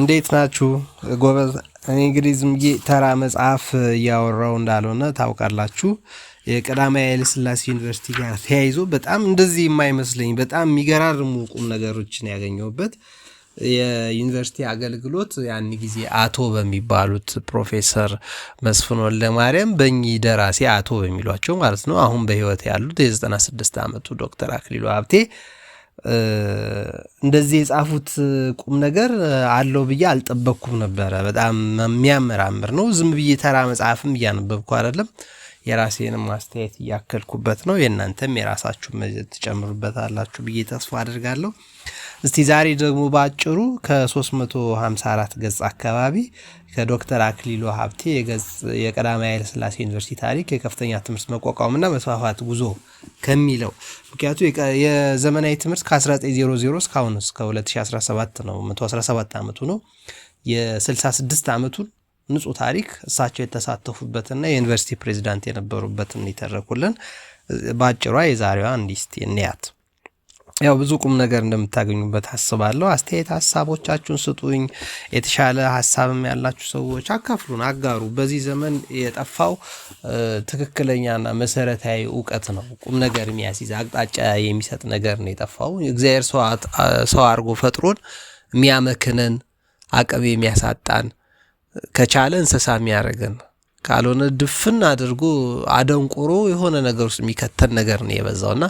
እንዴት ናችሁ ጎበዝ? እኔ እንግዲህ ዝም ብዬ ተራ መጽሐፍ እያወራው እንዳልሆነ ታውቃላችሁ። የቀዳማዊ ኃይለሥላሴ ዩኒቨርሲቲ ጋር ተያይዞ በጣም እንደዚህ የማይመስለኝ በጣም የሚገራርሙ ቁም ነገሮችን ያገኘሁበት የዩኒቨርሲቲ አገልግሎት ያን ጊዜ አቶ በሚባሉት ፕሮፌሰር መስፍን ወልደማርያም በእኚህ ደራሴ አቶ በሚሏቸው ማለት ነው አሁን በህይወት ያሉት የ96 ዓመቱ ዶክተር አክሊሉ ሀብቴ እንደዚህ የጻፉት ቁም ነገር አለው ብዬ አልጠበቅኩም ነበረ። በጣም የሚያመራምር ነው። ዝም ብዬ ተራ መጽሐፍም እያነበብኩ አይደለም። የራሴንም አስተያየት እያከልኩበት ነው። የእናንተም የራሳችሁ ትጨምሩበታላችሁ ብዬ ተስፋ አድርጋለሁ። እስቲ ዛሬ ደግሞ በአጭሩ ከ354 ገጽ አካባቢ ከዶክተር አክሊሉ ሀብቴ የቀዳማዊ ኃይለ ሥላሴ ዩኒቨርሲቲ ታሪክ የከፍተኛ ትምህርት መቋቋምና መስፋፋት ጉዞ ከሚለው ምክንያቱ የዘመናዊ ትምህርት ከ1900 እስካሁን እስከ 2017 ነው 117 ዓመቱ ነው። የ66 ዓመቱን ንጹህ ታሪክ እሳቸው የተሳተፉበትና የዩኒቨርሲቲ ፕሬዚዳንት የነበሩበትን የተረኩልን በአጭሯ የዛሬዋ እንዲስት እንያት ያው ብዙ ቁም ነገር እንደምታገኙበት አስባለሁ። አስተያየት ሀሳቦቻችሁን ስጡኝ። የተሻለ ሀሳብም ያላችሁ ሰዎች አካፍሉን፣ አጋሩ። በዚህ ዘመን የጠፋው ትክክለኛና መሰረታዊ እውቀት ነው። ቁም ነገር የሚያስይዝ አቅጣጫ የሚሰጥ ነገር ነው የጠፋው። እግዚአብሔር ሰው አድርጎ ፈጥሮን የሚያመክነን አቅም የሚያሳጣን ከቻለ እንስሳ የሚያደርገን ካልሆነ ድፍን አድርጎ አደንቆሮ የሆነ ነገር ውስጥ የሚከተል ነገር ነው የበዛው እና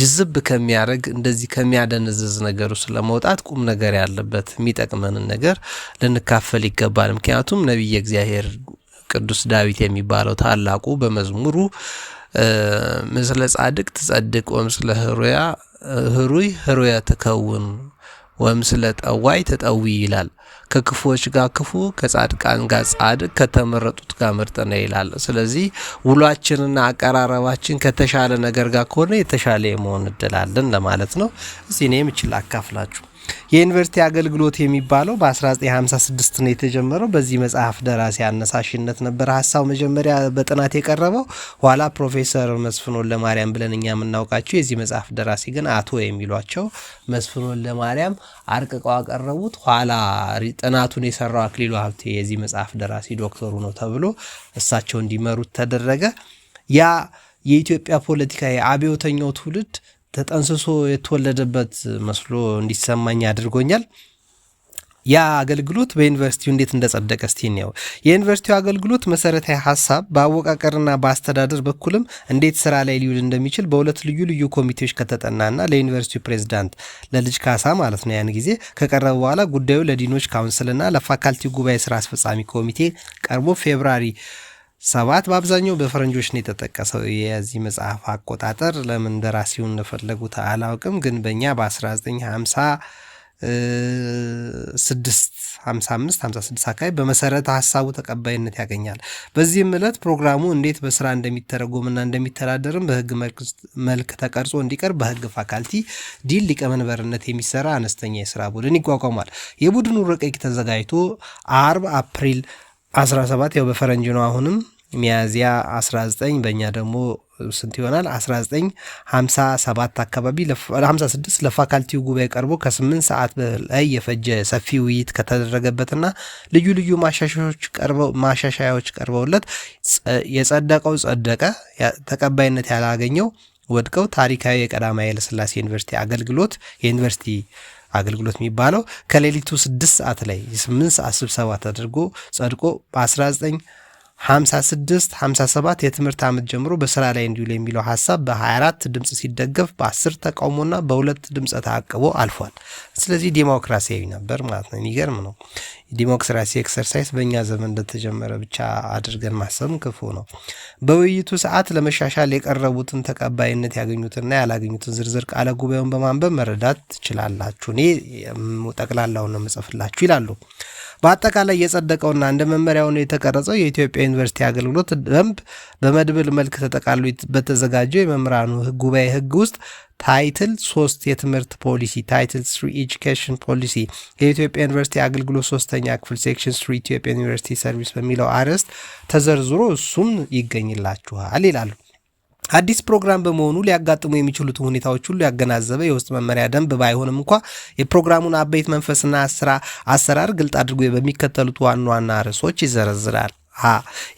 ጅዝብ ከሚያደርግ እንደዚህ ከሚያደነዝዝ ነገር ውስጥ ለመውጣት ቁም ነገር ያለበት የሚጠቅመንን ነገር ልንካፈል ይገባል። ምክንያቱም ነቢየ እግዚአብሔር ቅዱስ ዳዊት የሚባለው ታላቁ በመዝሙሩ ምስለ ጻድቅ ትጸድቅ ወምስለ ህሩያ ህሩይ ህሩያ ትከውን ወይም ስለ ጠዋይ ተጠዊ ይላል። ከክፉዎች ጋር ክፉ፣ ከጻድቃን ጋር ጻድቅ፣ ከተመረጡት ጋር ምርጥ ነው ይላል። ስለዚህ ውሏችንና አቀራረባችን ከተሻለ ነገር ጋር ከሆነ የተሻለ የመሆን እድላለን ለማለት ነው። እዚህ እኔ የምችል አካፍላችሁ የዩኒቨርሲቲ አገልግሎት የሚባለው በ1956 ነው የተጀመረው። በዚህ መጽሐፍ ደራሲ አነሳሽነት ነበር ሀሳቡ መጀመሪያ በጥናት የቀረበው። ኋላ ፕሮፌሰር መስፍኖን ለማርያም ብለን እኛ የምናውቃቸው የዚህ መጽሐፍ ደራሲ ግን አቶ የሚሏቸው መስፍኖን ለማርያም አርቅቀው አቀረቡት። ኋላ ጥናቱን የሰራው አክሊሉ ሀብቴ የዚህ መጽሐፍ ደራሲ ዶክተሩ ነው ተብሎ እሳቸው እንዲመሩት ተደረገ። ያ የኢትዮጵያ ፖለቲካ የአብዮተኛው ትውልድ ተጠንስሶ የተወለደበት መስሎ እንዲሰማኝ አድርጎኛል። ያ አገልግሎት በዩኒቨርሲቲው እንዴት እንደጸደቀ እስቲ እንየው። የዩኒቨርሲቲው አገልግሎት መሰረታዊ ሀሳብ በአወቃቀርና በአስተዳደር በኩልም እንዴት ስራ ላይ ሊውል እንደሚችል በሁለት ልዩ ልዩ ኮሚቴዎች ከተጠናና ለዩኒቨርሲቲው ፕሬዚዳንት ለልጅ ካሳ ማለት ነው ያን ጊዜ ከቀረበ በኋላ ጉዳዩ ለዲኖች ካውንስልና ለፋካልቲ ጉባኤ ስራ አስፈጻሚ ኮሚቴ ቀርቦ ፌብራሪ ሰባት በአብዛኛው በፈረንጆች ነው የተጠቀሰው። የዚህ መጽሐፍ አቆጣጠር ለምን ደራሲውን እንደፈለጉት አላውቅም፣ ግን በእኛ በ1950 ስድስት ሀምሳ አካባቢ በመሰረተ ሀሳቡ ተቀባይነት ያገኛል። በዚህም ዕለት ፕሮግራሙ እንዴት በስራ እንደሚተረጎምና እንደሚተዳደርም በህግ መልክ ተቀርጾ እንዲቀርብ በህግ ፋካልቲ ዲል ሊቀመንበርነት የሚሰራ አነስተኛ የስራ ቡድን ይቋቋማል። የቡድኑ ረቂቅ ተዘጋጅቶ አርብ አፕሪል 17 ያው በፈረንጅ ነው። አሁንም ሚያዚያ 19 በእኛ ደግሞ ስንት ይሆናል? 1957 አካባቢ 56 ለፋካልቲው ጉባኤ ቀርቦ ከ8 ሰዓት በላይ የፈጀ ሰፊ ውይይት ከተደረገበትና ልዩ ልዩ ማሻሻያዎች ቀርበውለት የጸደቀው ጸደቀ፣ ተቀባይነት ያላገኘው ወድቀው ታሪካዊ የቀዳማዊ ኃይለሥላሴ ዩኒቨርሲቲ አገልግሎት የዩኒቨርሲቲ አገልግሎት የሚባለው ከሌሊቱ ስድስት ሰዓት ላይ የስምንት ሰዓት ስብሰባ ተደርጎ ጸድቆ በ 1956 57 የትምህርት ዓመት ጀምሮ በስራ ላይ እንዲውል የሚለው ሀሳብ በ24 ድምፅ ሲደገፍ በ10 ተቃውሞና በሁለት ድምፀ ተአቅቦ አልፏል። ስለዚህ ዴሞክራሲያዊ ነበር ማለት ነው። የሚገርም ነው። ዲሞክራሲ ኤክሰርሳይዝ በእኛ ዘመን እንደተጀመረ ብቻ አድርገን ማሰብም ክፉ ነው። በውይይቱ ሰዓት ለመሻሻል የቀረቡትን ተቀባይነት ያገኙትና ያላገኙትን ዝርዝር ቃለ ጉባኤውን በማንበብ መረዳት ትችላላችሁ። እኔ ጠቅላላውን ነው የምጽፍላችሁ ይላሉ። በአጠቃላይ የጸደቀውና እንደ መመሪያ የተቀረጸው የኢትዮጵያ ዩኒቨርሲቲ አገልግሎት ደንብ በመድብል መልክ ተጠቃሉ በተዘጋጀው የመምህራኑ ጉባኤ ህግ ውስጥ ታይትል ሶስት የትምህርት ፖሊሲ ታይትል ስሪ ኤጁኬሽን ፖሊሲ የኢትዮጵያ ዩኒቨርሲቲ አገልግሎት ሶስተኛ ክፍል ሴክሽን ስሪ ኢትዮጵያ ዩኒቨርሲቲ ሰርቪስ በሚለው አርዕስት ተዘርዝሮ እሱም ይገኝላችኋል ይላሉ። አዲስ ፕሮግራም በመሆኑ ሊያጋጥሙ የሚችሉትን ሁኔታዎች ሁሉ ያገናዘበ የውስጥ መመሪያ ደንብ ባይሆንም እንኳ የፕሮግራሙን አበይት መንፈስና አሰራር ግልጥ አድርጎ በሚከተሉት ዋና ዋና ርዕሶች ይዘረዝራል። ሀ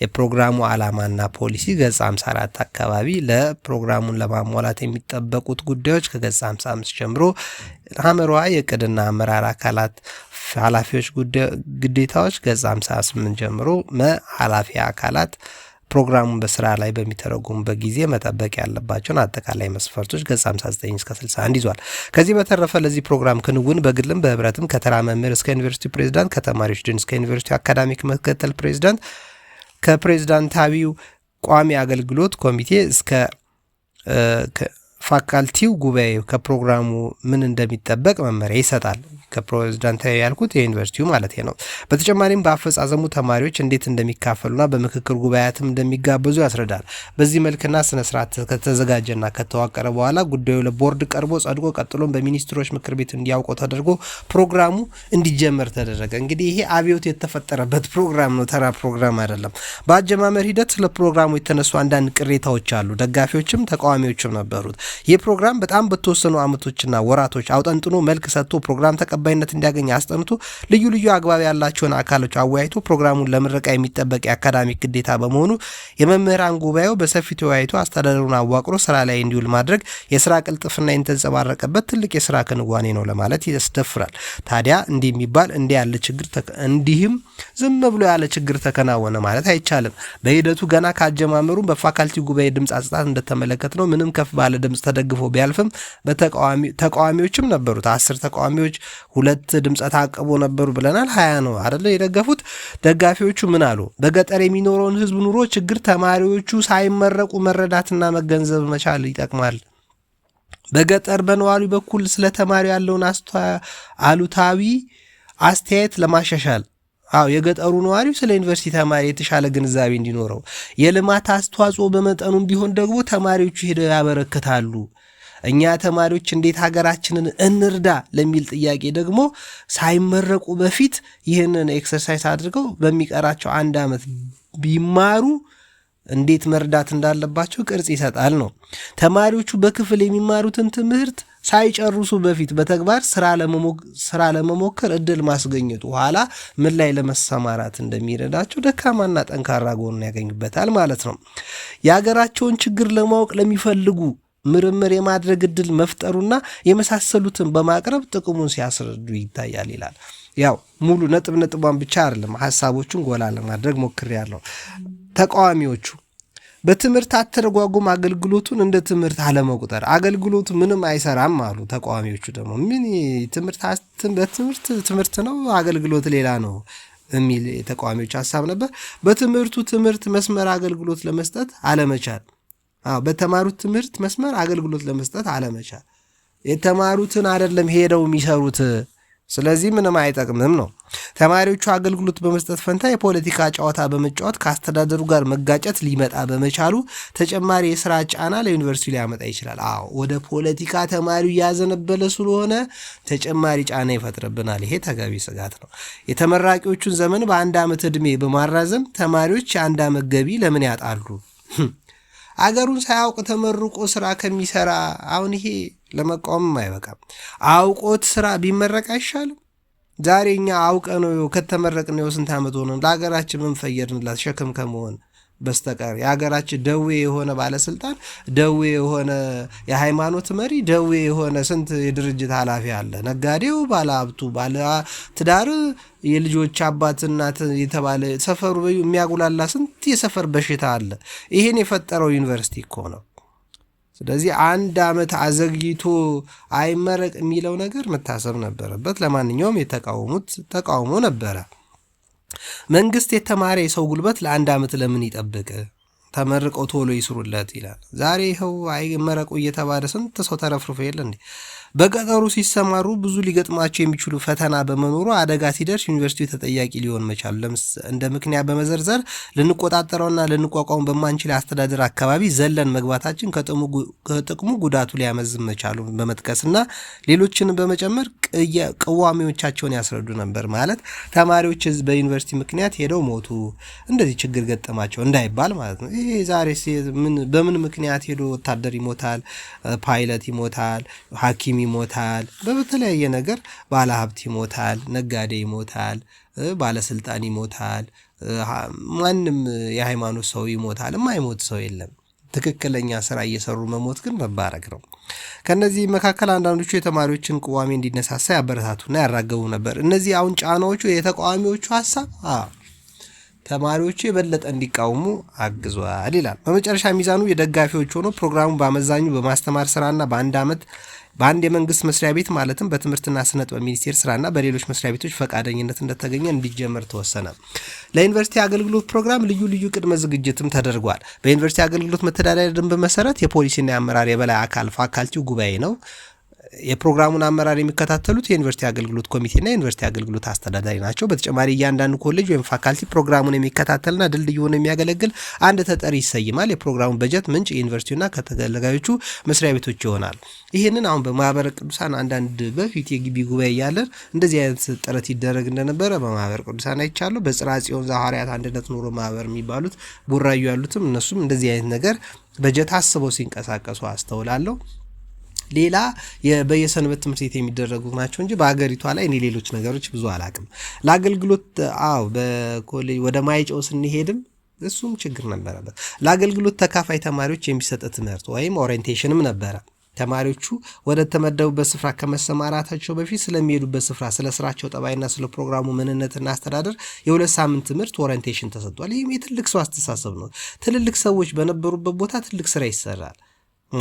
የፕሮግራሙ ዓላማና ፖሊሲ ገጽ 54 አካባቢ ለፕሮግራሙን ለማሟላት የሚጠበቁት ጉዳዮች ከገጽ 55 ጀምሮ ሀመሯ የቅድና አመራር አካላት ኃላፊዎች ግዴታዎች ገጽ 58 ጀምሮ መ ኃላፊ አካላት ፕሮግራሙን በስራ ላይ በሚተረጉሙበት ጊዜ መጠበቅ ያለባቸውን አጠቃላይ መስፈርቶች ገጽ 59 እስከ 61 ይዟል። ከዚህ በተረፈ ለዚህ ፕሮግራም ክንውን በግልም በህብረትም ከተራ መምህር እስከ ዩኒቨርሲቲ ፕሬዚዳንት፣ ከተማሪዎች ድን እስከ ዩኒቨርሲቲ አካዳሚክ መከተል ፕሬዚዳንት፣ ከፕሬዚዳንታዊው ቋሚ አገልግሎት ኮሚቴ እስከ ፋካልቲው ጉባኤው ከፕሮግራሙ ምን እንደሚጠበቅ መመሪያ ይሰጣል። ከፕሬዝዳንታዊ ያልኩት የዩኒቨርሲቲው ማለት ነው። በተጨማሪም በአፈጻጸሙ ተማሪዎች እንዴት እንደሚካፈሉና በምክክር ጉባኤያትም እንደሚጋበዙ ያስረዳል። በዚህ መልክና ስነ ስርዓት ከተዘጋጀና ከተዋቀረ በኋላ ጉዳዩ ለቦርድ ቀርቦ ጸድቆ ቀጥሎም በሚኒስትሮች ምክር ቤት እንዲያውቀው ተደርጎ ፕሮግራሙ እንዲጀመር ተደረገ። እንግዲህ ይሄ አብዮት የተፈጠረበት ፕሮግራም ነው፣ ተራ ፕሮግራም አይደለም። በአጀማመር ሂደት ስለ ፕሮግራሙ የተነሱ አንዳንድ ቅሬታዎች አሉ። ደጋፊዎችም ተቃዋሚዎችም ነበሩት። ይህ ፕሮግራም በጣም በተወሰኑ ዓመቶችና ወራቶች አውጠንጥኖ መልክ ሰጥቶ ፕሮግራም ተቀባይነት እንዲያገኝ አስጠንቶ ልዩ ልዩ አግባብ ያላቸውን አካሎች አወያይቶ ፕሮግራሙን ለምረቃ የሚጠበቅ የአካዳሚክ ግዴታ በመሆኑ የመምህራን ጉባኤው በሰፊ ተወያይቶ አስተዳደሩን አዋቅሮ ስራ ላይ እንዲውል ማድረግ የስራ ቅልጥፍና የተንጸባረቀበት ትልቅ የስራ ክንዋኔ ነው ለማለት ያስደፍራል። ታዲያ እንዲህ የሚባል እንዲህ ያለ ችግር እንዲህም ዝም ብሎ ያለ ችግር ተከናወነ ማለት አይቻልም። በሂደቱ ገና ካጀማመሩ በፋካልቲ ጉባኤ ድምፅ አጽጣት እንደተመለከት ነው። ምንም ከፍ ባለ ድምፅ ተደግፎ ቢያልፍም ተቃዋሚዎችም ነበሩት። አስር ተቃዋሚዎች ሁለት ድምፀ ታቅቦ ነበሩ ብለናል። ሀያ ነው አደለ የደገፉት። ደጋፊዎቹ ምን አሉ? በገጠር የሚኖረውን ህዝብ ኑሮ ችግር ተማሪዎቹ ሳይመረቁ መረዳትና መገንዘብ መቻል ይጠቅማል። በገጠር በነዋሪ በኩል ስለ ተማሪ ያለውን አሉታዊ አስተያየት ለማሻሻል አዎ የገጠሩ ነዋሪው ስለ ዩኒቨርሲቲ ተማሪ የተሻለ ግንዛቤ እንዲኖረው የልማት አስተዋጽኦ በመጠኑም ቢሆን ደግሞ ተማሪዎቹ ሄደው ያበረክታሉ። እኛ ተማሪዎች እንዴት ሀገራችንን እንርዳ ለሚል ጥያቄ ደግሞ ሳይመረቁ በፊት ይህንን ኤክሰርሳይዝ አድርገው በሚቀራቸው አንድ ዓመት ቢማሩ እንዴት መርዳት እንዳለባቸው ቅርጽ ይሰጣል ነው። ተማሪዎቹ በክፍል የሚማሩትን ትምህርት ሳይጨርሱ በፊት በተግባር ስራ ለመሞከር እድል ማስገኘቱ ኋላ ምን ላይ ለመሰማራት እንደሚረዳቸው ደካማና ጠንካራ ጎኑን ያገኙበታል ማለት ነው። የሀገራቸውን ችግር ለማወቅ ለሚፈልጉ ምርምር የማድረግ እድል መፍጠሩና የመሳሰሉትን በማቅረብ ጥቅሙን ሲያስረዱ ይታያል ይላል። ያው ሙሉ ነጥብ ነጥቧን ብቻ አይደለም ሀሳቦቹን ጎላ ለማድረግ ሞክሬያለሁ። ተቃዋሚዎቹ በትምህርት አተረጓጉም አገልግሎቱን እንደ ትምህርት አለመቁጠር አገልግሎቱ ምንም አይሰራም አሉ ተቃዋሚዎቹ። ደግሞ ምን በትምህርት ትምህርት ነው አገልግሎት ሌላ ነው የሚል የተቃዋሚዎች ሀሳብ ነበር። በትምህርቱ ትምህርት መስመር አገልግሎት ለመስጠት አለመቻል፣ በተማሩት ትምህርት መስመር አገልግሎት ለመስጠት አለመቻል የተማሩትን አይደለም ሄደው የሚሰሩት ስለዚህ ምንም አይጠቅምም ነው። ተማሪዎቹ አገልግሎት በመስጠት ፈንታ የፖለቲካ ጨዋታ በመጫወት ከአስተዳደሩ ጋር መጋጨት ሊመጣ በመቻሉ ተጨማሪ የስራ ጫና ለዩኒቨርሲቲ ሊያመጣ ይችላል። አዎ ወደ ፖለቲካ ተማሪው ያዘነበለ ስለሆነ ተጨማሪ ጫና ይፈጥርብናል። ይሄ ተገቢ ስጋት ነው። የተመራቂዎቹን ዘመን በአንድ ዓመት ዕድሜ በማራዘም ተማሪዎች የአንድ ዓመት ገቢ ለምን ያጣሉ? አገሩን ሳያውቅ ተመርቆ ስራ ከሚሰራ አሁን ይሄ ለመቃወምም አይበቃም። አውቆት ስራ ቢመረቅ አይሻልም? ዛሬ እኛ አውቀ ነው ከተመረቅ ነው ስንት ዓመት ሆነን። ለሀገራችን ምን ፈየድንላት ሸክም ከመሆን በስተቀር የሀገራችን ደዌ የሆነ ባለስልጣን፣ ደዌ የሆነ የሃይማኖት መሪ፣ ደዌ የሆነ ስንት የድርጅት ኃላፊ አለ። ነጋዴው፣ ባለሀብቱ፣ ባለ ትዳር፣ የልጆች አባት እናት የተባለ ሰፈሩ የሚያጉላላ ስንት የሰፈር በሽታ አለ። ይህን የፈጠረው ዩኒቨርሲቲ እኮ ነው። ስለዚህ አንድ አመት አዘግይቶ አይመረቅ የሚለው ነገር መታሰብ ነበረበት። ለማንኛውም የተቃወሙት ተቃውሞ ነበረ። መንግስት የተማረ የሰው ጉልበት ለአንድ አመት ለምን ይጠብቅ? ተመርቀው ቶሎ ይስሩለት ይላል። ዛሬ ይኸው አይመረቁ እየተባለ ስንት ሰው ተረፍርፎ የለ እንዴ? በቀጠሩ ሲሰማሩ ብዙ ሊገጥማቸው የሚችሉ ፈተና በመኖሩ አደጋ ሲደርስ ዩኒቨርሲቲው ተጠያቂ ሊሆን መቻሉ እንደ ምክንያት በመዘርዘር ልንቆጣጠረውና ልንቋቋሙ በማንችል አስተዳደር አካባቢ ዘለን መግባታችን ከጥቅሙ ጉዳቱ ሊያመዝም መቻሉ በመጥቀስና ሌሎችን በመጨመር ቅዋሚዎቻቸውን ያስረዱ ነበር። ማለት ተማሪዎች በዩኒቨርሲቲ ምክንያት ሄደው ሞቱ፣ እንደዚህ ችግር ገጠማቸው እንዳይባል ማለት ነው። ይሄ ዛሬ በምን ምክንያት ሄዶ ወታደር ይሞታል፣ ፓይለት ይሞታል፣ ሐኪም ይሞታል፣ በተለያየ ነገር ባለሀብት ይሞታል፣ ነጋዴ ይሞታል፣ ባለስልጣን ይሞታል፣ ማንም የሃይማኖት ሰው ይሞታል። የማይሞት ሰው የለም። ትክክለኛ ስራ እየሰሩ መሞት ግን መባረክ ነው። ከነዚህ መካከል አንዳንዶቹ የተማሪዎችን ቅዋሜ እንዲነሳሳ ያበረታቱና ያራገቡ ነበር። እነዚህ አሁን ጫናዎቹ የተቃዋሚዎቹ ሀሳብ ተማሪዎቹ የበለጠ እንዲቃውሙ አግዟል ይላል። በመጨረሻ ሚዛኑ የደጋፊዎች ሆኖ ፕሮግራሙ በአመዛኙ በማስተማር ስራና በአንድ ዓመት በአንድ የመንግስት መስሪያ ቤት ማለትም በትምህርትና ስነ ጥበብ ሚኒስቴር ስራና በሌሎች መስሪያ ቤቶች ፈቃደኝነት እንደተገኘ እንዲጀመር ተወሰነ። ለዩኒቨርሲቲ አገልግሎት ፕሮግራም ልዩ ልዩ ቅድመ ዝግጅትም ተደርጓል። በዩኒቨርሲቲ አገልግሎት መተዳደሪያ ደንብ መሰረት የፖሊሲና የአመራር የበላይ አካል ፋካልቲው ጉባኤ ነው። የፕሮግራሙን አመራር የሚከታተሉት የዩኒቨርሲቲ አገልግሎት ኮሚቴና የዩኒቨርሲቲ አገልግሎት አስተዳዳሪ ናቸው። በተጨማሪ እያንዳንዱ ኮሌጅ ወይም ፋካልቲ ፕሮግራሙን የሚከታተልና ድልድይ ሆኖ የሚያገለግል አንድ ተጠሪ ይሰይማል። የፕሮግራሙን በጀት ምንጭ ዩኒቨርሲቲውና ከተገለጋዮቹ መስሪያ ቤቶች ይሆናል። ይህንን አሁን በማህበረ ቅዱሳን አንዳንድ በፊት የግቢ ጉባኤ እያለን እንደዚህ አይነት ጥረት ይደረግ እንደነበረ በማህበረ ቅዱሳን አይቻሉ። በጽራ ጽዮን ዘሐዋርያት አንድነት ኑሮ ማህበር የሚባሉት ቡራዩ ያሉትም እነሱም እንደዚህ አይነት ነገር በጀት አስበው ሲንቀሳቀሱ አስተውላለሁ። ሌላ በየሰንበት ትምህርት ቤት የሚደረጉ ናቸው እንጂ በሀገሪቷ ላይ እኔ ሌሎች ነገሮች ብዙ አላቅም። ለአገልግሎት አዎ፣ በኮሌጅ ወደ ማይጨው ስንሄድም እሱም ችግር ነበረበት። ለአገልግሎት ተካፋይ ተማሪዎች የሚሰጥ ትምህርት ወይም ኦሪንቴሽንም ነበረ። ተማሪዎቹ ወደ ተመደቡበት ስፍራ ከመሰማራታቸው በፊት ስለሚሄዱበት ስፍራ፣ ስለ ስራቸው ጠባይና ስለ ፕሮግራሙ ምንነትና አስተዳደር የሁለት ሳምንት ትምህርት ኦሪንቴሽን ተሰጥቷል። ይህም የትልቅ ሰው አስተሳሰብ ነው። ትልልቅ ሰዎች በነበሩበት ቦታ ትልቅ ስራ ይሰራል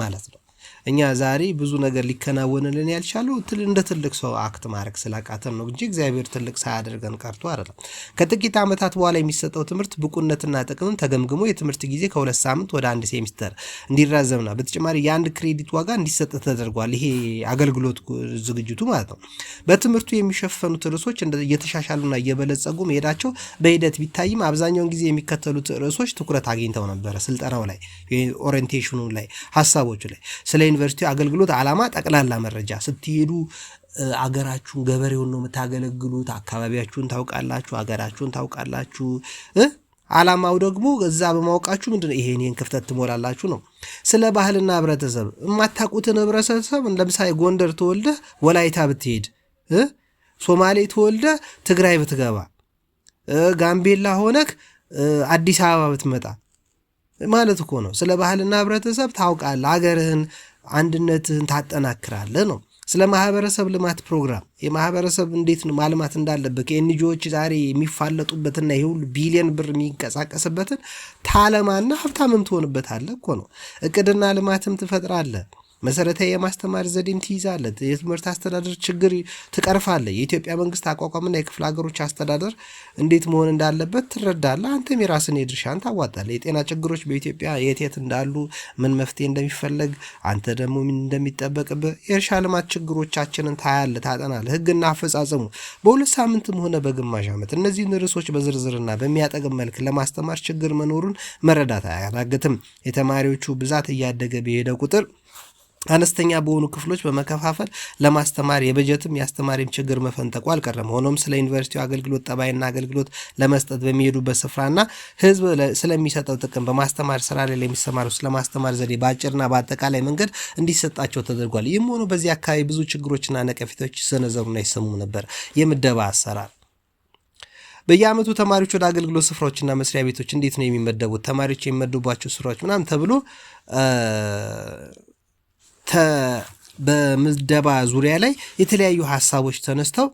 ማለት ነው። እኛ ዛሬ ብዙ ነገር ሊከናወንልን ያልቻለው እንደ ትልቅ ሰው አክት ማድረግ ስላቃተን ነው እንጂ እግዚአብሔር ትልቅ ሳያደርገን ቀርቶ አይደለም። ከጥቂት ዓመታት በኋላ የሚሰጠው ትምህርት ብቁነትና ጥቅምም ተገምግሞ የትምህርት ጊዜ ከሁለት ሳምንት ወደ አንድ ሴሚስተር እንዲራዘምና በተጨማሪ የአንድ ክሬዲት ዋጋ እንዲሰጥ ተደርጓል። ይሄ አገልግሎት ዝግጅቱ ማለት ነው። በትምህርቱ የሚሸፈኑት ርዕሶች እየተሻሻሉና እየበለጸጉ መሄዳቸው በሂደት ቢታይም አብዛኛውን ጊዜ የሚከተሉት ርዕሶች ትኩረት አግኝተው ነበረ ስልጠናው ላይ ኦሪንቴሽኑ ላይ ሀሳቦቹ ላይ ስለ ዩኒቨርሲቲ አገልግሎት ዓላማ ጠቅላላ መረጃ ስትሄዱ አገራችሁን ገበሬውን ነው የምታገለግሉት። አካባቢያችሁን ታውቃላችሁ፣ አገራችሁን ታውቃላችሁ። ዓላማው ደግሞ እዛ በማወቃችሁ ምንድነው ይሄን ይህን ክፍተት ትሞላላችሁ ነው። ስለ ባህልና ህብረተሰብ የማታውቁትን ህብረተሰብ ለምሳሌ ጎንደር ተወልደ ወላይታ ብትሄድ፣ ሶማሌ ተወልደ ትግራይ ብትገባ፣ ጋምቤላ ሆነክ አዲስ አበባ ብትመጣ ማለት እኮ ነው። ስለ ባህልና ህብረተሰብ ታውቃለህ አገርህን አንድነትህን ታጠናክራለህ ነው። ስለ ማህበረሰብ ልማት ፕሮግራም የማህበረሰብ እንዴት ማልማት እንዳለበት ከኤንጂኦዎች ዛሬ የሚፋለጡበትና ይህ ሁሉ ቢሊዮን ብር የሚንቀሳቀስበትን ታለማና ሀብታምም ትሆንበታለህ እኮ ነው። እቅድና ልማትም ትፈጥራለህ። መሰረታዊ የማስተማር ዘዴን ትይዛለህ። የትምህርት አስተዳደር ችግር ትቀርፋለህ። የኢትዮጵያ መንግስት አቋቋምና የክፍለ ሀገሮች አስተዳደር እንዴት መሆን እንዳለበት ትረዳለህ። አንተም የራስን የድርሻን ታዋጣለህ። የጤና ችግሮች በኢትዮጵያ የት የት እንዳሉ፣ ምን መፍትሄ እንደሚፈለግ፣ አንተ ደግሞ ምን እንደሚጠበቅብህ፣ የእርሻ ልማት ችግሮቻችንን ታያለህ፣ ታጠናለህ። ህግና አፈጻጸሙ በሁለት ሳምንትም ሆነ በግማሽ ዓመት እነዚህን ርዕሶች በዝርዝርና በሚያጠቅም መልክ ለማስተማር ችግር መኖሩን መረዳት አያዳግትም። የተማሪዎቹ ብዛት እያደገ በሄደ ቁጥር አነስተኛ በሆኑ ክፍሎች በመከፋፈል ለማስተማር የበጀትም የአስተማሪም ችግር መፈንጠቁ አልቀረም። ሆኖም ስለ ዩኒቨርሲቲው አገልግሎት ጠባይና አገልግሎት ለመስጠት በሚሄዱበት ስፍራና ሕዝብ ስለሚሰጠው ጥቅም በማስተማር ስራ ላይ ለሚሰማሩ ስለማስተማር ዘዴ በአጭርና በአጠቃላይ መንገድ እንዲሰጣቸው ተደርጓል። ይህም ሆኖ በዚህ አካባቢ ብዙ ችግሮችና ነቀፌታዎች ይሰነዘሩና ይሰሙ ነበር። የምደባ አሰራር በየአመቱ ተማሪዎች ወደ አገልግሎት ስፍራዎችና መስሪያ ቤቶች እንዴት ነው የሚመደቡት? ተማሪዎች የሚመደቧቸው ስራዎች ምናምን ተብሎ በምደባ ዙሪያ ላይ የተለያዩ ሀሳቦች ተነስተው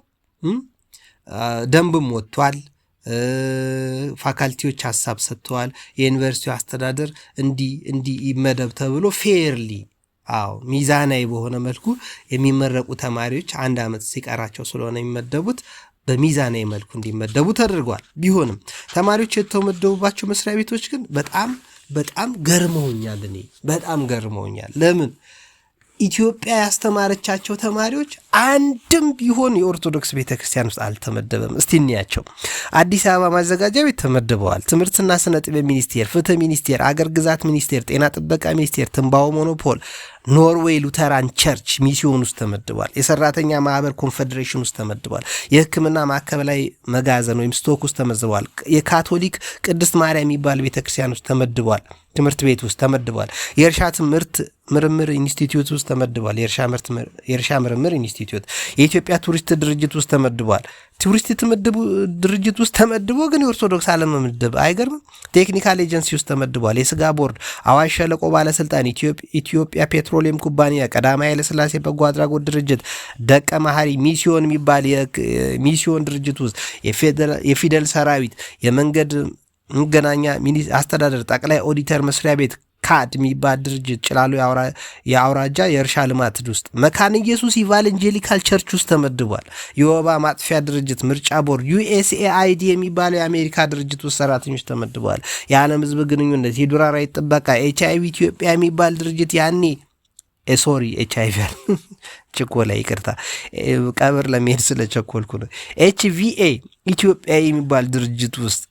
ደንብም ወጥቷል። ፋካልቲዎች ሀሳብ ሰጥተዋል። የዩኒቨርሲቲው አስተዳደር እንዲህ እንዲህ ይመደብ ተብሎ ፌርሊ አዎ ሚዛናዊ በሆነ መልኩ የሚመረቁ ተማሪዎች አንድ ዓመት ሲቀራቸው ስለሆነ የሚመደቡት በሚዛናዊ መልኩ እንዲመደቡ ተደርጓል። ቢሆንም ተማሪዎች የተመደቡባቸው መስሪያ ቤቶች ግን በጣም በጣም ገርመውኛል። እኔ በጣም ገርመውኛል። ለምን ኢትዮጵያ ያስተማረቻቸው ተማሪዎች አንድም ቢሆን የኦርቶዶክስ ቤተ ክርስቲያን ውስጥ አልተመደበም። እስቲ እንያቸው። አዲስ አበባ ማዘጋጃ ቤት ተመድበዋል። ትምህርትና ስነ ጥበብ ሚኒስቴር፣ ፍትህ ሚኒስቴር፣ አገር ግዛት ሚኒስቴር፣ ጤና ጥበቃ ሚኒስቴር፣ ትንባው ሞኖፖል፣ ኖርዌይ ሉተራን ቸርች ሚስዮን ውስጥ ተመድቧል። የሰራተኛ ማህበር ኮንፌዴሬሽን ውስጥ ተመድቧል። የህክምና ማዕከላዊ መጋዘን ወይም ስቶክ ውስጥ ተመዝበዋል። የካቶሊክ ቅድስት ማርያም የሚባል ቤተክርስቲያን ውስጥ ተመድቧል። ትምህርት ቤት ውስጥ ተመድቧል። የእርሻ ትምህርት ምርምር ኢንስቲትዩት ውስጥ ተመድቧል። የእርሻ ምርምር ኢንስቲትዩት የኢትዮጵያ ቱሪስት ድርጅት ውስጥ ተመድቧል። ቱሪስት ድርጅት ውስጥ ተመድቦ ግን የኦርቶዶክስ አለመመደብ አይገርምም። ቴክኒካል ኤጀንሲ ውስጥ ተመድቧል። የስጋ ቦርድ፣ አዋሽ ሸለቆ ባለስልጣን፣ ኢትዮጵያ ፔትሮሊየም ኩባንያ፣ ቀዳማዊ ኃይለስላሴ በጎ አድራጎት ድርጅት፣ ደቀ መሐሪ ሚስዮን የሚባል ሚስዮን ድርጅት ውስጥ የፊደል ሰራዊት፣ የመንገድ መገናኛ አስተዳደር ጠቅላይ ኦዲተር መስሪያ ቤት ካድ የሚባል ድርጅት ጭላሉ የአውራጃ የእርሻ ልማት ውስጥ መካን ኢየሱስ ኢቫንጀሊካል ቸርች ውስጥ ተመድቧል። የወባ ማጥፊያ ድርጅት ምርጫ ቦርድ ዩኤስኤአይዲ የሚባለው የአሜሪካ ድርጅት ውስጥ ሰራተኞች ተመድቧል። የዓለም ህዝብ ግንኙነት፣ የዱር አራዊት ጥበቃ፣ ኤች አይቪ ኢትዮጵያ የሚባል ድርጅት ያኔ ሶሪ ኤች አይቪ ችኮላ ይቅርታ፣ ቀብር ለመሄድ ቸኮልኩ ነው። ኤችቪኤ ኢትዮጵያ የሚባል ድርጅት ውስጥ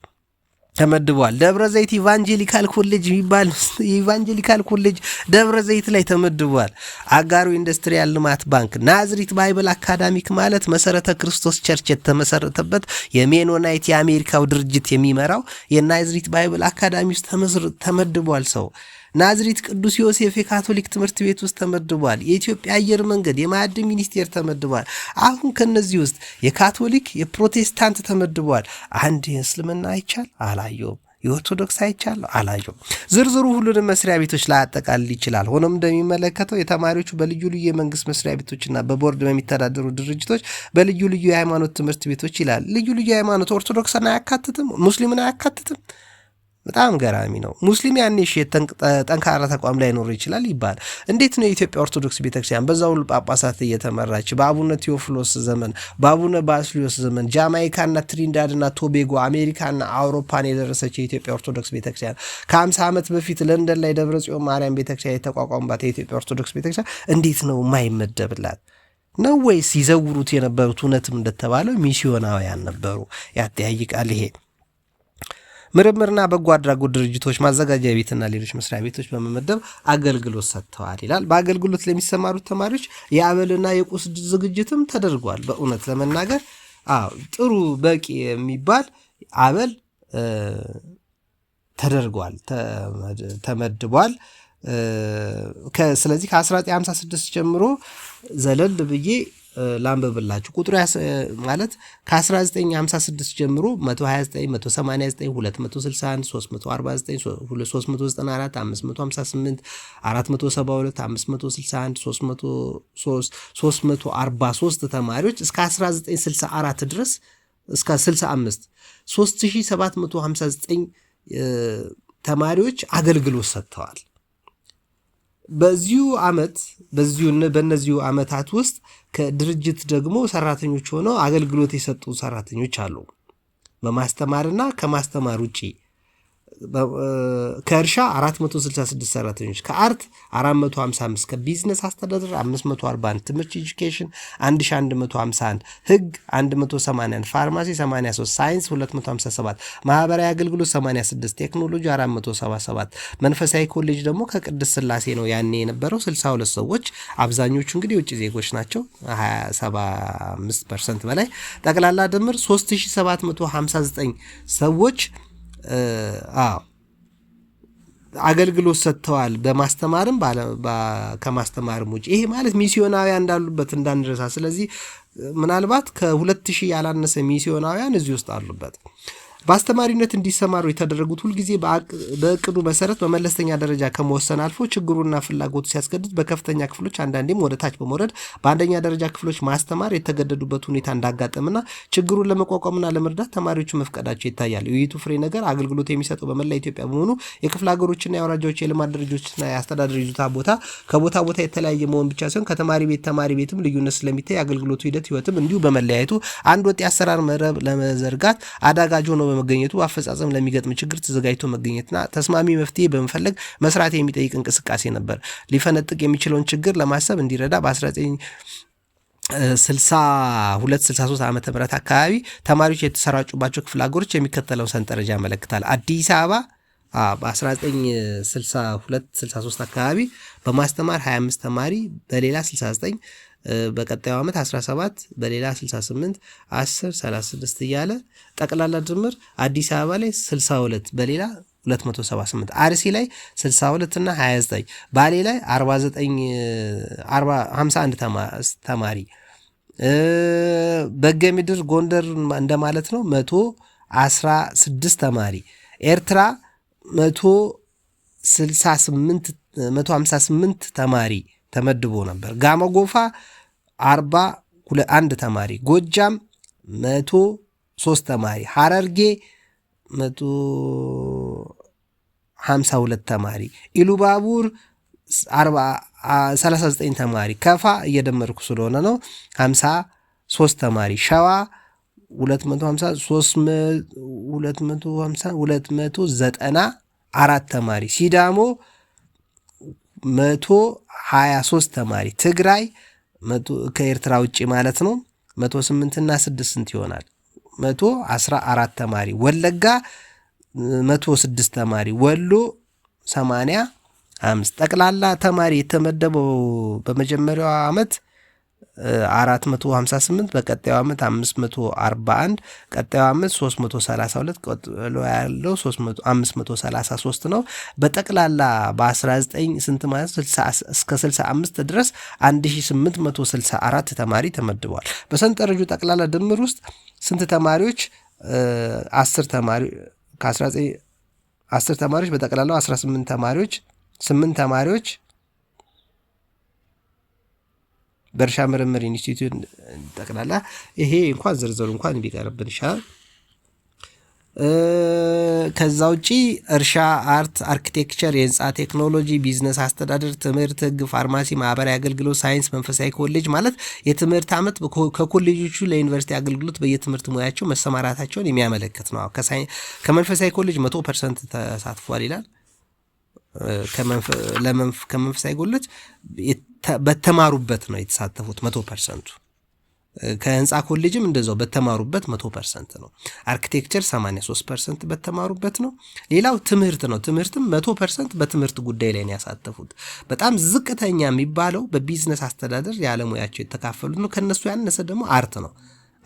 ተመድቧል። ደብረ ዘይት ኢቫንጀሊካል ኮሌጅ የሚባል ኢቫንጀሊካል ኮሌጅ ደብረ ዘይት ላይ ተመድቧል። አጋሩ ኢንዱስትሪያል ልማት ባንክ፣ ናዝሪት ባይብል አካዳሚክ ማለት መሰረተ ክርስቶስ ቸርች የተመሰረተበት የሜኖናይት የአሜሪካው ድርጅት የሚመራው የናዝሪት ባይብል አካዳሚ ውስጥ ተመድቧል ሰው ናዝሪት ቅዱስ ዮሴፍ የካቶሊክ ትምህርት ቤት ውስጥ ተመድቧል። የኢትዮጵያ አየር መንገድ የማዕድን ሚኒስቴር ተመድቧል። አሁን ከነዚህ ውስጥ የካቶሊክ የፕሮቴስታንት ተመድቧል። አንድ የእስልምና አይቻል አላየውም። የኦርቶዶክስ አይቻለሁ አላየውም። ዝርዝሩ ሁሉንም መስሪያ ቤቶች ላያጠቃልል ይችላል። ሆኖም እንደሚመለከተው የተማሪዎቹ በልዩ ልዩ የመንግስት መስሪያ ቤቶችና በቦርድ በሚተዳደሩ ድርጅቶች በልዩ ልዩ የሃይማኖት ትምህርት ቤቶች ይላል። ልዩ ልዩ ሃይማኖት ኦርቶዶክስን አያካትትም፣ ሙስሊምን አያካትትም። በጣም ገራሚ ነው። ሙስሊም ያኔ ጠንካራ ተቋም ላይኖር ይችላል ይባል። እንዴት ነው የኢትዮጵያ ኦርቶዶክስ ቤተክርስቲያን በዛ ሁሉ ጳጳሳት እየተመራች በአቡነ ቴዎፍሎስ ዘመን፣ በአቡነ ባስሊዮስ ዘመን ጃማይካና ትሪንዳድና ቶቤጎ አሜሪካና አውሮፓን የደረሰች የኢትዮጵያ ኦርቶዶክስ ቤተክርስቲያን ከ50 ዓመት በፊት ለንደን ላይ ደብረ ጽዮን ማርያም ቤተክርስቲያን የተቋቋሙባት የኢትዮጵያ ኦርቶዶክስ ቤተክርስቲያን እንዴት ነው የማይመደብላት ነው? ወይስ ይዘውሩት የነበሩት እውነትም እንደተባለው ሚስዮናውያን ነበሩ? ያጠያይቃል ይሄ። ምርምርና በጎ አድራጎት ድርጅቶች፣ ማዘጋጃ ቤትና ሌሎች መስሪያ ቤቶች በመመደብ አገልግሎት ሰጥተዋል ይላል። በአገልግሎት ለሚሰማሩት ተማሪዎች የአበልና የቁስ ዝግጅትም ተደርጓል። በእውነት ለመናገር ጥሩ በቂ የሚባል አበል ተደርጓል፣ ተመድቧል። ስለዚህ ከ1956 ጀምሮ ዘለል ብዬ ላንብብላችሁ ቁጥሩ ማለት ከ1956 ጀምሮ 129፣ 189፣ 261፣ 349፣ 394፣ 558፣ 472፣ 561፣ 343 ተማሪዎች እስከ 1964 ድረስ እስከ 65 3759 ተማሪዎች አገልግሎት ሰጥተዋል። በዚሁ ዓመት በዚሁ በእነዚሁ ዓመታት ውስጥ ከድርጅት ደግሞ ሰራተኞች ሆነው አገልግሎት የሰጡ ሰራተኞች አሉ። በማስተማርና ከማስተማር ውጪ ከእርሻ 466 ሰራተኞች፣ ከአርት 455፣ ከቢዝነስ አስተዳደር 541፣ ትምህርት ኤጁኬሽን 1151፣ ህግ 181፣ ፋርማሲ 83፣ ሳይንስ 257፣ ማህበራዊ አገልግሎት 86፣ ቴክኖሎጂ 477። መንፈሳዊ ኮሌጅ ደግሞ ከቅድስት ስላሴ ነው ያኔ የነበረው 62 ሰዎች፣ አብዛኞቹ እንግዲህ የውጭ ዜጎች ናቸው 75 ፐርሰንት በላይ። ጠቅላላ ድምር 3759 ሰዎች አገልግሎት ሰጥተዋል። በማስተማርም ከማስተማርም ውጭ ይሄ ማለት ሚስዮናውያን እንዳሉበት እንዳንረሳ። ስለዚህ ምናልባት ከሁለት ሺህ ያላነሰ ሚስዮናውያን እዚህ ውስጥ አሉበት። በአስተማሪነት እንዲሰማሩ የተደረጉት ሁልጊዜ በእቅዱ መሰረት በመለስተኛ ደረጃ ከመወሰን አልፎ ችግሩና ፍላጎቱ ሲያስገድድ በከፍተኛ ክፍሎች አንዳንዴም ወደ ታች በመውረድ በአንደኛ ደረጃ ክፍሎች ማስተማር የተገደዱበት ሁኔታ እንዳጋጠምና ችግሩን ለመቋቋምና ለመርዳት ተማሪዎቹ መፍቀዳቸው ይታያል። የውይይቱ ፍሬ ነገር አገልግሎት የሚሰጠው በመላ ኢትዮጵያ በመሆኑ የክፍለ ሀገሮችና የአውራጃዎች የልማት ድርጅቶችና የአስተዳደር ይዞታ ቦታ ከቦታ ቦታ የተለያየ መሆን ብቻ ሲሆን ከተማሪ ቤት ተማሪ ቤትም ልዩነት ስለሚታይ አገልግሎቱ ሂደት ህይወትም እንዲሁ በመለያየቱ አንድ ወጥ የአሰራር መረብ ለመዘርጋት አዳጋጅ ሆኖ በመገኘቱ አፈጻጸም ለሚገጥም ችግር ተዘጋጅቶ መገኘትና ተስማሚ መፍትሄ በመፈለግ መስራት የሚጠይቅ እንቅስቃሴ ነበር። ሊፈነጥቅ የሚችለውን ችግር ለማሰብ እንዲረዳ በ19 62-63 ዓ ም አካባቢ ተማሪዎች የተሰራጩባቸው ክፍለ ሀገሮች የሚከተለውን ሰንጠረዥ ያመለክታል። አዲስ አበባ በ1962-63 አካባቢ በማስተማር 25 ተማሪ፣ በሌላ 69 በቀጣዩ ዓመት 17 በሌላ 68 10 36 እያለ ጠቅላላ ድምር አዲስ አበባ ላይ 62 በሌላ 278 አርሲ ላይ 62 እና 29 ባሌ ላይ 49 51 ተማሪ ምድር ጎንደር እንደማለት ነው 116 ተማሪ ኤርትራ 168 ተማሪ ተመድቦ ነበር ጋመጎፋ አርባ አንድ ተማሪ፣ ጎጃም መቶ ሶስት ተማሪ፣ ሐረርጌ መቶ ሀምሳ ሁለት ተማሪ፣ ኢሉባቡር ሰላሳ ዘጠኝ ተማሪ፣ ከፋ እየደመርኩ ስለሆነ ነው ሀምሳ ሶስት ተማሪ፣ ሸዋ አራት ተማሪ ሲዳሞ መቶ ሶስት ተማሪ ትግራይ ከኤርትራ ውጭ ማለት ነው። መቶ ስምንትና ስድስት ስንት ይሆናል? መቶ አስራ አራት ተማሪ ወለጋ መቶ ስድስት ተማሪ ወሎ ሰማንያ አምስት ጠቅላላ ተማሪ የተመደበው በመጀመሪያው ዓመት 458 በቀጣዩ ዓመት 541 ቀጣዩ ዓመት 332 ቀጥሎ ያለው 533 ነው። በጠቅላላ በ19 ስንት ማለት እስከ 65 ድረስ 1864 ተማሪ ተመድበዋል። በሰንጠረጁ ጠቅላላ ድምር ውስጥ ስንት ተማሪዎች 10 ተማሪ ከ19 10 ተማሪዎች በጠቅላላው 18 ተማሪዎች 8 ተማሪዎች በእርሻ ምርምር ኢንስቲትዩት ጠቅላላ ይሄ እንኳን ዝርዝሩ እንኳን ቢቀርብን ይሻላል። ከዛ ውጪ እርሻ፣ አርት፣ አርኪቴክቸር፣ የህንፃ ቴክኖሎጂ፣ ቢዝነስ፣ አስተዳደር፣ ትምህርት፣ ህግ፣ ፋርማሲ፣ ማህበራዊ አገልግሎት፣ ሳይንስ፣ መንፈሳዊ ኮሌጅ ማለት የትምህርት ዓመት ከኮሌጆቹ ለዩኒቨርሲቲ አገልግሎት በየትምህርት ሙያቸው መሰማራታቸውን የሚያመለክት ነው። ከመንፈሳዊ ኮሌጅ መቶ ፐርሰንት ተሳትፏል ይላል። ከመንፈሳዊ ጎሎች በተማሩበት ነው የተሳተፉት መቶ ፐርሰንቱ። ከህንፃ ኮሌጅም እንደዛው በተማሩበት መቶ ፐርሰንት ነው። አርኪቴክቸር 83 ፐርሰንት በተማሩበት ነው። ሌላው ትምህርት ነው። ትምህርትም መቶ ፐርሰንት በትምህርት ጉዳይ ላይ ነው ያሳተፉት። በጣም ዝቅተኛ የሚባለው በቢዝነስ አስተዳደር የዓለሙያቸው የተካፈሉት ነው። ከነሱ ያነሰ ደግሞ አርት ነው።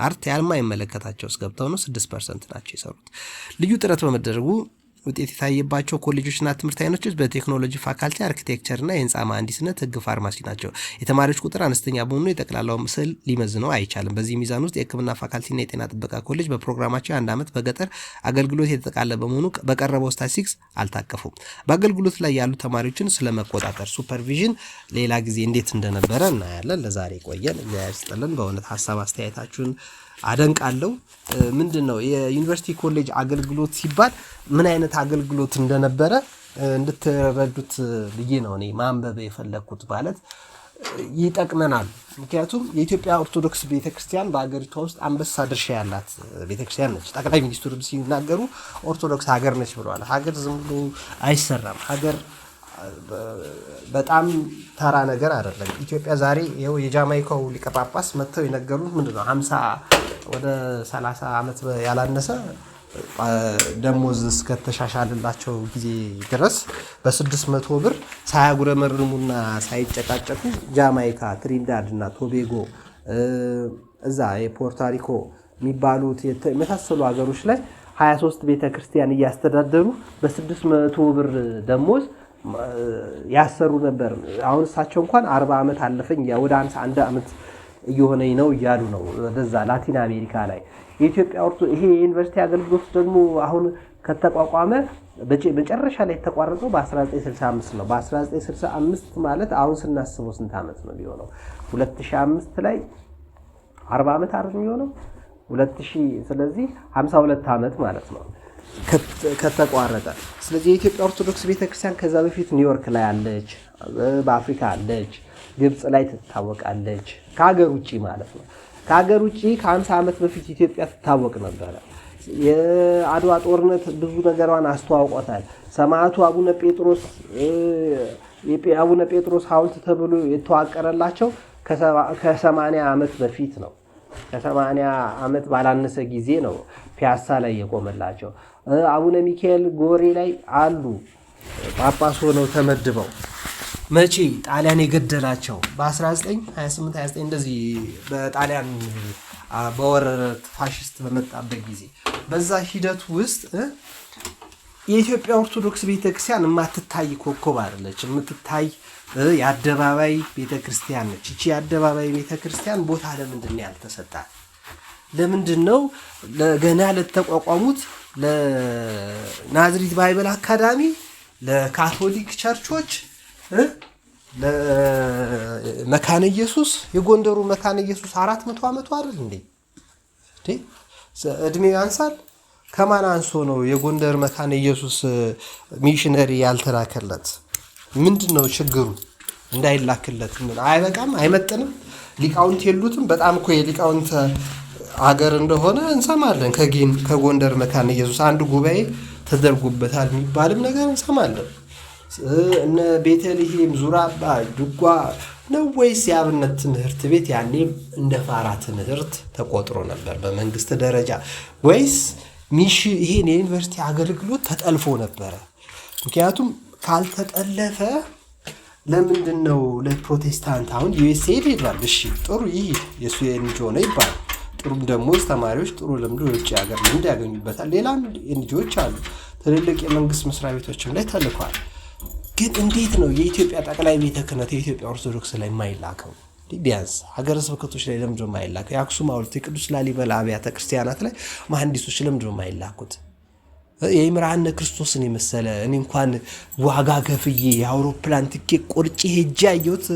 አርት የመለከታቸው ስገብተው ነው 6 ፐርሰንት ናቸው የሰሩት ልዩ ጥረት በመደረጉ ውጤት የታየባቸው ኮሌጆችና ትምህርት አይነቶች በቴክኖሎጂ ፋካልቲ፣ አርኪቴክቸርና የህንፃ መሐንዲስነት፣ ህግ፣ ፋርማሲ ናቸው። የተማሪዎች ቁጥር አነስተኛ በመሆኑ የጠቅላላው ምስል ሊመዝነው አይቻልም። በዚህ ሚዛን ውስጥ የህክምና ፋካልቲና የጤና ጥበቃ ኮሌጅ በፕሮግራማቸው የአንድ ዓመት በገጠር አገልግሎት የተጠቃለ በመሆኑ በቀረበው ስታሲክስ አልታቀፉም። በአገልግሎት ላይ ያሉ ተማሪዎችን ስለመቆጣጠር ሱፐርቪዥን ሌላ ጊዜ እንዴት እንደነበረ እናያለን። ለዛሬ ቆየን። እግዚአብሔር ይስጥልን። በእውነት ሀሳብ አስተያየታችሁን አደንቃለሁ። ምንድን ነው የዩኒቨርሲቲ ኮሌጅ አገልግሎት ሲባል ምን አይነት አገልግሎት እንደነበረ እንድትረዱት ብዬ ነው እኔ ማንበብ የፈለግኩት። ማለት ይጠቅመናል። ምክንያቱም የኢትዮጵያ ኦርቶዶክስ ቤተክርስቲያን በሀገሪቷ ውስጥ አንበሳ ድርሻ ያላት ቤተክርስቲያን ነች። ጠቅላይ ሚኒስትሩ ሲናገሩ ኦርቶዶክስ ሀገር ነች ብለዋል። ሀገር ዝም ብሎ አይሰራም። ሀገር በጣም ተራ ነገር አይደለም። ኢትዮጵያ ዛሬ ይኸው የጃማይካው ሊቀ ጳጳስ መጥተው የነገሩት ምንድን ነው ሀምሳ ወደ ሰላሳ ዓመት ያላነሰ ደሞዝ እስከተሻሻልላቸው ጊዜ ድረስ በስድስት መቶ ብር ሳያጉረመርሙና ሳይጨቃጨቁ ጃማይካ፣ ትሪንዳድ እና ቶቤጎ እዛ የፖርታሪኮ የሚባሉት የመሳሰሉ ሀገሮች ላይ 23 ቤተክርስቲያን እያስተዳደሩ በ መቶ ብር ደሞዝ ያሰሩ ነበር። አሁን እሳቸው እንኳን አርባ ዓመት አለፈኝ ወደ አንድ አንድ ዓመት እየሆነኝ ነው እያሉ ነው ወደዛ ላቲን አሜሪካ ላይ የኢትዮጵያ ኦርቶ ይሄ የዩኒቨርሲቲ አገልግሎት ደግሞ አሁን ከተቋቋመ መጨረሻ ላይ የተቋረጠው በ1965 ነው። በ1965 ማለት አሁን ስናስበው ስንት ዓመት ነው የሚሆነው? 2005 ላይ 40 ዓመት አርፍ የሚሆነው ስለዚህ 52 ዓመት ማለት ነው። ከተቋረጠ። ስለዚህ የኢትዮጵያ ኦርቶዶክስ ቤተክርስቲያን ከዛ በፊት ኒውዮርክ ላይ አለች፣ በአፍሪካ አለች፣ ግብፅ ላይ ትታወቃለች። ከሀገር ውጭ ማለት ነው። ከሀገር ውጭ ከ50 ዓመት በፊት ኢትዮጵያ ትታወቅ ነበረ። የአድዋ ጦርነት ብዙ ነገሯን አስተዋውቆታል። ሰማዕቱ አቡነ ጴጥሮስ አቡነ ጴጥሮስ ሐውልት ተብሎ የተዋቀረላቸው ከሰማንያ ዓመት በፊት ነው። ከሰማንያ ዓመት ባላነሰ ጊዜ ነው ፒያሳ ላይ የቆመላቸው። አቡነ ሚካኤል ጎሬ ላይ አሉ ጳጳስ ሆነው ተመድበው መቼ ጣሊያን የገደላቸው በ1928 29 እንደዚህ በጣሊያን በወረረት ፋሽስት በመጣበት ጊዜ በዛ ሂደት ውስጥ የኢትዮጵያ ኦርቶዶክስ ቤተክርስቲያን የማትታይ ኮከብ አይደለች፣ የምትታይ የአደባባይ ቤተክርስቲያን ነች። ይቺ የአደባባይ ቤተክርስቲያን ቦታ ለምንድን ነው ያልተሰጣት? ለምንድን ነው ገና ለተቋቋሙት ለናዝሪት ባይብል አካዳሚ፣ ለካቶሊክ ቸርቾች፣ ለመካነ ኢየሱስ የጎንደሩ መካነ ኢየሱስ አራት መቶ ዓመቱ አይደል እንዴ? እድሜ ያንሳል። ከማን አንሶ ነው የጎንደር መካነ ኢየሱስ ሚሽነሪ ያልተላከለት? ምንድን ነው ችግሩ? እንዳይላክለት ምን አይበቃም? አይመጥንም? ሊቃውንት የሉትም? በጣም እኮ የሊቃውንት አገር እንደሆነ እንሰማለን። ከጊን ከጎንደር መካነ ኢየሱስ አንድ ጉባኤ ተደርጎበታል የሚባልም ነገር እንሰማለን። እነ ቤተልሔም፣ ዙራባ፣ ድጓ ነው ወይስ የአብነት ትምህርት ቤት ያኔ እንደ ፋራ ትምህርት ተቆጥሮ ነበር በመንግስት ደረጃ ወይስ ሚሽ ይሄን የዩኒቨርሲቲ አገልግሎት ተጠልፎ ነበረ? ምክንያቱም ካልተጠለፈ ለምንድን ነው ለፕሮቴስታንት አሁን ዩኤስኤድ ይሄዳል? እሺ ጥሩ ይህ የሱ የንጆ ነው ይባላል። ጥሩም ደሞዝ ተማሪዎች ጥሩ ልምድ ውጭ ሀገር ልምድ ያገኙበታል። ሌላም ልጆች አሉ ትልልቅ የመንግስት መስሪያ ቤቶችም ላይ ተልኳል። ግን እንዴት ነው የኢትዮጵያ ጠቅላይ ቤተ ክህነት የኢትዮጵያ ኦርቶዶክስ ላይ የማይላከው? ቢያንስ ሀገረ ስብከቶች ላይ ለምንድን የማይላከው? የአክሱም ሐውልት፣ የቅዱስ ላሊበላ አብያተ ክርስቲያናት ላይ መሐንዲሶች ለምንድን ማይላኩት። የማይላኩት? የኢምራነ ክርስቶስን የመሰለ እኔ እንኳን ዋጋ ከፍዬ የአውሮፕላን ትኬት ቆርጬ ሄጄ ያየሁት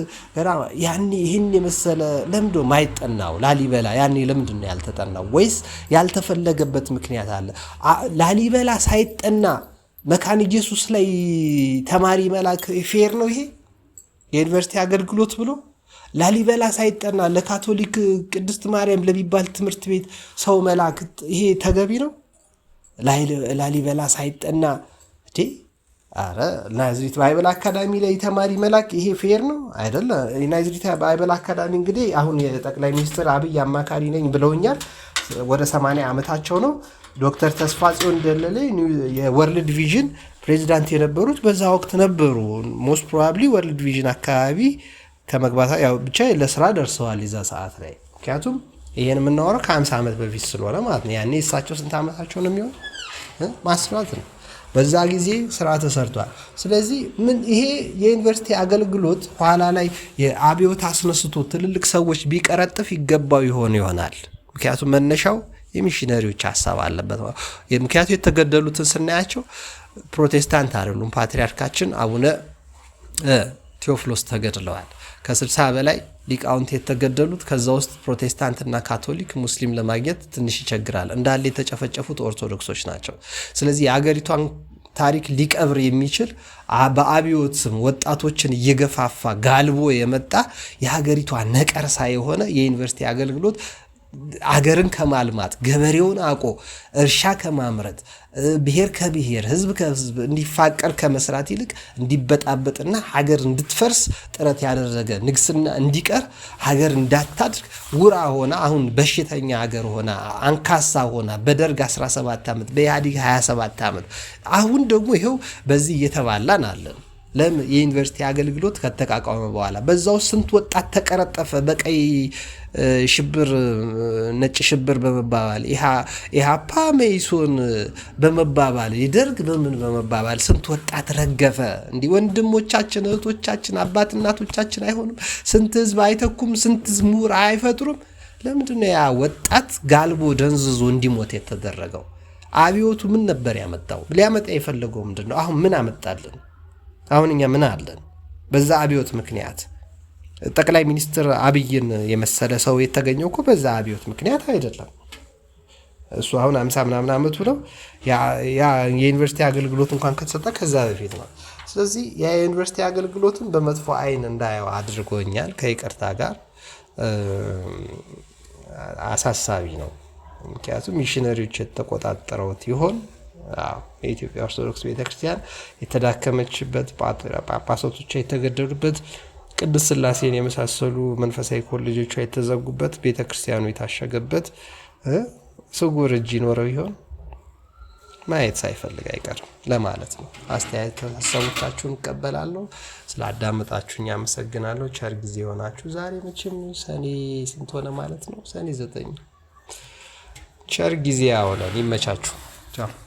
ያኔ ይህን የመሰለ ለምዶ ማይጠናው ላሊበላ ያኔ ለምንድን ነው ያልተጠናው? ወይስ ያልተፈለገበት ምክንያት አለ? ላሊበላ ሳይጠና መካን ኢየሱስ ላይ ተማሪ መላክ ፌር ነው ይሄ የዩኒቨርሲቲ አገልግሎት ብሎ ላሊበላ ሳይጠና ለካቶሊክ ቅድስት ማርያም ለሚባል ትምህርት ቤት ሰው መላክ ይሄ ተገቢ ነው? ላሊበላ ሳይጠና እዴ አረ ናዝሪት ባይብል አካዳሚ ላይ ተማሪ መላክ ይሄ ፌር ነው አይደለ? ናዝሪት ባይበል አካዳሚ እንግዲህ አሁን የጠቅላይ ሚኒስትር አብይ አማካሪ ነኝ ብለውኛል። ወደ ሰማንያ ዓመታቸው ነው። ዶክተር ተስፋ ጽዮን ደለለ የወርልድ ቪዥን ፕሬዚዳንት የነበሩት በዛ ወቅት ነበሩ። ሞስት ፕሮባብሊ ወርልድ ቪዥን አካባቢ ከመግባታ ያው ብቻ ለስራ ደርሰዋል የዛ ሰዓት ላይ ምክንያቱም ይሄን የምናወራው ከ ዓመት በፊት ስለሆነ ማለት ነው። ያኔ እሳቸው ስንት ዓመታቸው ነው የሚሆን ማስራት ነው። በዛ ጊዜ ስራ ተሰርቷል። ስለዚህ ምን ይሄ የዩኒቨርሲቲ አገልግሎት ኋላ ላይ የአብዮት አስነስቶ ትልልቅ ሰዎች ቢቀረጥፍ ይገባው ይሆን ይሆናል። ምክንያቱም መነሻው የሚሽነሪዎች ሀሳብ አለበት። ምክንያቱ የተገደሉትን ስናያቸው ፕሮቴስታንት አይደሉም። ፓትሪያርካችን አቡነ ቴዎፍሎስ ተገድለዋል። ከ60 በላይ ሊቃውንት የተገደሉት ከዛ ውስጥ ፕሮቴስታንትና ካቶሊክ ሙስሊም ለማግኘት ትንሽ ይቸግራል። እንዳለ የተጨፈጨፉት ኦርቶዶክሶች ናቸው። ስለዚህ የአገሪቷን ታሪክ ሊቀብር የሚችል በአብዮት ስም ወጣቶችን እየገፋፋ ጋልቦ የመጣ የሀገሪቷ ነቀርሳ የሆነ የዩኒቨርሲቲ አገልግሎት አገርን ከማልማት ገበሬውን አውቆ እርሻ ከማምረት ብሔር ከብሔር ህዝብ ከህዝብ እንዲፋቀር ከመስራት ይልቅ እንዲበጣበጥና ሀገር እንድትፈርስ ጥረት ያደረገ ንግስና እንዲቀር ሀገር እንዳታድርግ ውራ ሆና አሁን በሽተኛ ሀገር ሆና አንካሳ ሆና በደርግ 17 ዓመት በኢህአዴግ 27 ዓመት አሁን ደግሞ ይኸው በዚህ እየተባላን አለን። ለምን የዩኒቨርሲቲ አገልግሎት ከተቃቀመ በኋላ በዛው ስንት ወጣት ተቀረጠፈ በቀይ ሽብር ነጭ ሽብር በመባባል ኢሃፓ መይሶን በመባባል የደርግ በምን በመባባል ስንት ወጣት ረገፈ። እንዲህ ወንድሞቻችን፣ እህቶቻችን፣ አባት እናቶቻችን አይሆኑም ስንት ህዝብ አይተኩም? ስንት ምሁር አይፈጥሩም? ለምንድን ነው ያ ወጣት ጋልቦ ደንዝዞ እንዲሞት የተደረገው? አብዮቱ ምን ነበር ያመጣው? ሊያመጣ የፈለገው ምንድን ነው? አሁን ምን አመጣልን? አሁን እኛ ምን አለን? በዛ አብዮት ምክንያት ጠቅላይ ሚኒስትር አብይን የመሰለ ሰው የተገኘው እኮ በዛ አብዮት ምክንያት አይደለም። እሱ አሁን አምሳ ምናምን ዓመቱ ነው። የዩኒቨርሲቲ አገልግሎት እንኳን ከተሰጠ ከዛ በፊት ነው። ስለዚህ የዩኒቨርሲቲ አገልግሎትን በመጥፎ አይን እንዳየው አድርጎኛል። ከይቅርታ ጋር አሳሳቢ ነው። ምክንያቱም ሚሽነሪዎች የተቆጣጠረውት ይሆን የኢትዮጵያ ኦርቶዶክስ ቤተክርስቲያን የተዳከመችበት፣ ጳጳሳቶቿ የተገደሉበት፣ ቅድስት ስላሴን የመሳሰሉ መንፈሳዊ ኮሌጆቿ የተዘጉበት፣ ቤተክርስቲያኑ የታሸገበት ስጉር እጅ ይኖረው ይሆን? ማየት ሳይፈልግ አይቀርም ለማለት ነው። አስተያየት ሀሳቦቻችሁን እቀበላለሁ። ስላዳመጣችሁኝ አመሰግናለሁ። ቸር ጊዜ የሆናችሁ ዛሬ መቼም ሰኔ ስንት ሆነ ማለት ነው? ሰኔ ዘጠኝ ቸር ጊዜ ያውለን። ይመቻችሁ።